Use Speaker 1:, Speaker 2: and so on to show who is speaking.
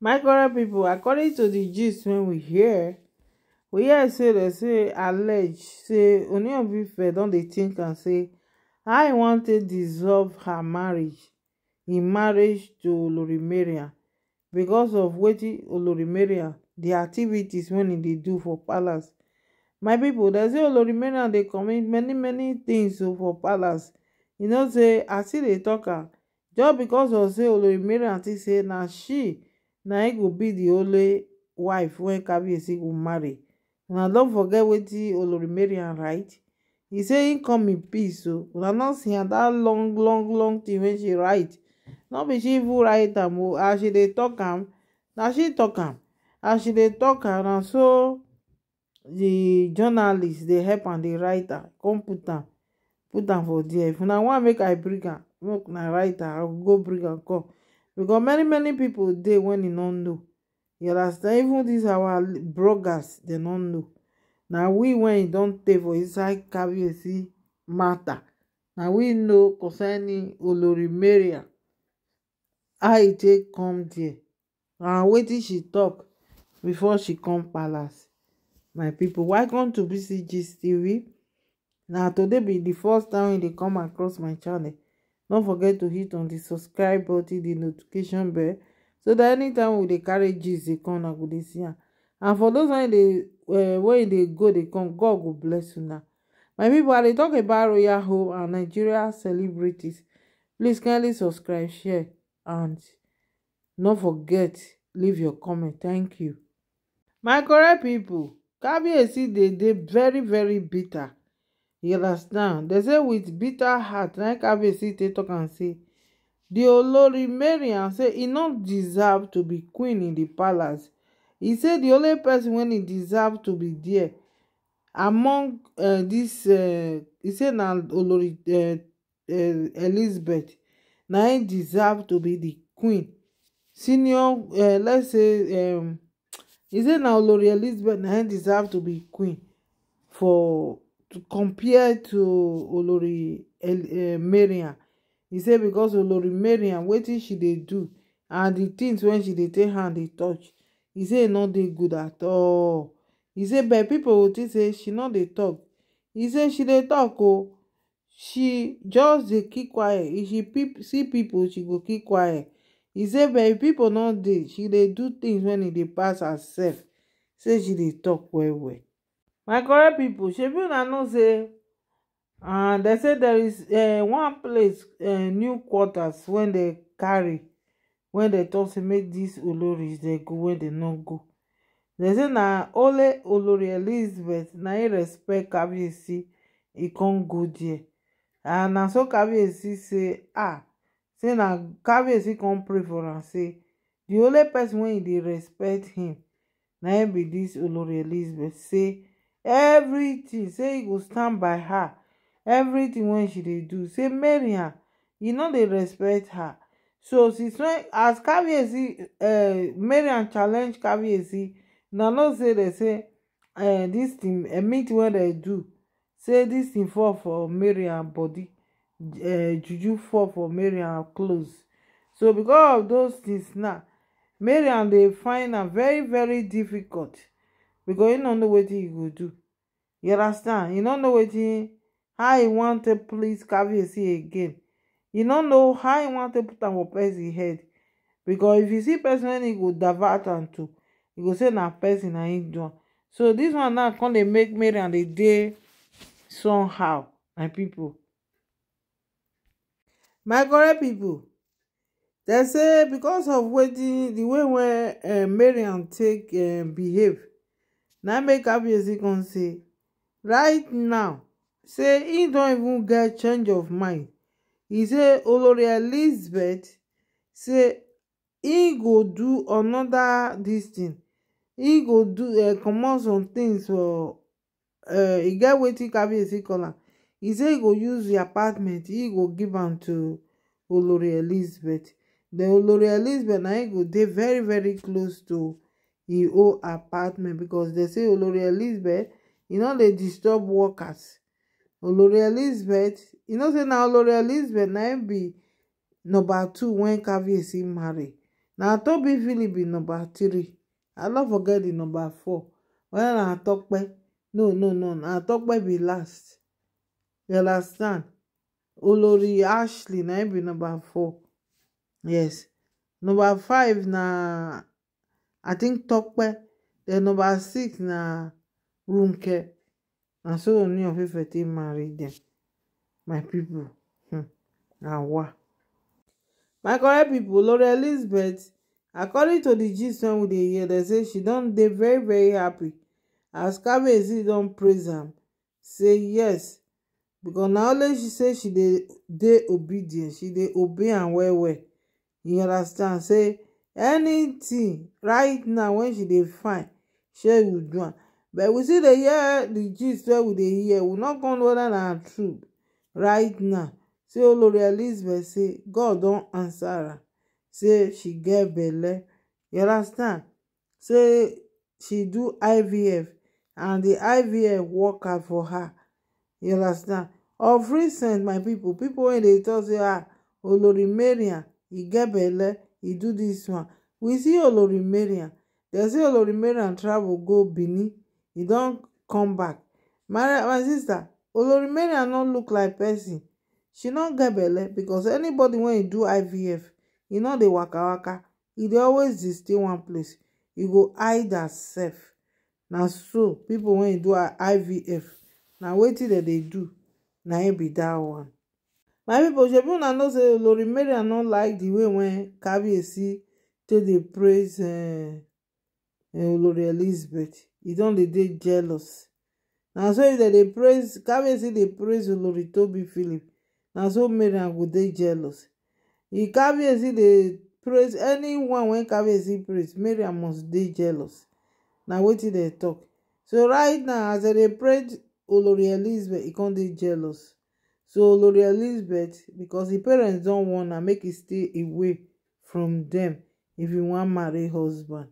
Speaker 1: my current people, according to the gist when we hear we hear say they say allege say oni of ife don dey think and say I e wan dissolve her marriage in marriage to Lurimeria, because of wetin olorimeria the activities when they do for palace my people, they say olorimeria they commit many many things for palace you know say I see they tok am just because of say olorimeria they say now she na he go be the only wife wey kabiyesi go marry una don forget wetin olori mariam write he say he come in peace o oh. una don see am that long long long thing wey she write no be she even write am o oh. as she dey talk am na she talk am as she dey talk am na so the journalist dey help am dey write am come put am put am for there if una wan make i bring am make una write am i go go bring am come because many many people dey when they don't know you understand even these our bloggers they don't know Now we when e don tey for inside caviarcy matter Now we know concerning olorimeria how e take come there and waiting she talk before she come palace my pipo welcome to bcg tv na today be the first time e dey come across my channel don't forget to hit on the subscribe button the notification bell so that anytime we dey carry gist dey come una go dey see am and for those wey dey eh, go dey come god go bless una my people, i dey talk about royal home and nigeria celebrities please kindly subscribe share and no forget leave your comment thank you my correct pipo kabiyesi dey dey very very bitter you understand they say with bitter heart na kabiyesi take tok am say di olori marry am say e no deserve to be queen in the palace He say "The only person wey he deserve to be there among dis eh, eh, eh, He say na olori elizabeth na he deserve to be the queen senior let's say um e say na olori elizabeth na he deserve to be queen for to compare to olori eh, mariam he said because olori what wetin she dey do and the things when she dey take hand dey touch he said e not they good at all He said but people go say she not they talk, he said she they talk o she just they keep quiet if she peep see people she go keep quiet He said but people not they she they do things when they e pass herself say she they talk well well my correct pipo shebi una know say and ah, dem say there is eh, one place eh, new quarters wey dem carry wey dem tok say make dis olori dey go wey dem no go dem say na only olori elizabeth na im respect kabiyesi e come go there. and ah, na so kabiyesi say ah say na kabiyesi come pray for am say di only person wey dey respect him na im be dis olori elizabeth say. everytin say e go stand by her everytin wey she dey do say marian ah, e no dey respect her so since as kawie eh, si marian challenge kawie na no say dey say dis eh, tin emit eh, wey dey do say dis tin fall for marian bodi juju fall for marian clothes so becos of those things now marian dey find am very very difficult. becos e no know wetin he go do you understand you no know wetin how he want to please kathy again you no know how he want to put am for pesin head because if you see pesin wey e go divert am to you go say na pesin na him do am. so dis one now con dey make marian dey somehow my pipo. my correct pipo dem say becos of wetin di way wey eh, marian take eh, behave. na make kabiyesi come say right now say im don even get change of mind e say olori elizabeth say e go do another dis thing. e go do uh, comot some tins for e get wetin kabiyesi call am e say e go use the apartment e go give am to olori elizabeth den olori elizabeth na e go dey very very close to e own apartment becos dem say olori elizabeth e no dey disturb workers olori elizabeth you know say na olori elizabeth na im be number two wen caviarcy marry na tobi philip be number three i no forget the number four wen na tope no no no na be last you understand olori ashley na im be number four yes number five na I think Tope. the number six na Runke. Na so ni of Ife take marry dem. My people. Hmm. Na wa. My correct people, Lori Elizabeth, according to the gist wey we dey hear, dem say she don dey very very happy as Kabiyesi don praise am say yes because na only she say she dey dey obedient she dey obey am well well you understand say Anything right now when she dey find she we do am but we still dey hear the gist wey we dey hear we no come know whether na true right now say olori elizabeth say god don answer her say she get belle you understand say she do ivf and the ivf work out for her you understand of recent my people. People wey dey tok say ah olori mariam e get belle He do this one we see olori mariam dem say olori mariam travel go benin He don't come back my my sister olori mariam no look like person she not get belly because anybody when e do ivf e no dey waka waka e always dey stay one place e go hide herself Now so people when e do ivf na wetin dem they do Now im be that one my pipo shebi una know say olori mariam no like the way wen kabiyesi take dey praise olori eh, eh, elizabeth e don dey dey jealous na so if dem dey praise kabiyesi dey praise olori tobi philip na so Maria go dey jealous if kabiyesi dey praise anyone wey kabiyesi praise Maria must dey jealous na wetin dem talk? so right now as dem dey praise olori elizabeth e con dey jealous so lori elizabeth because the parents don't warn am make e stay away from them if e want marry husband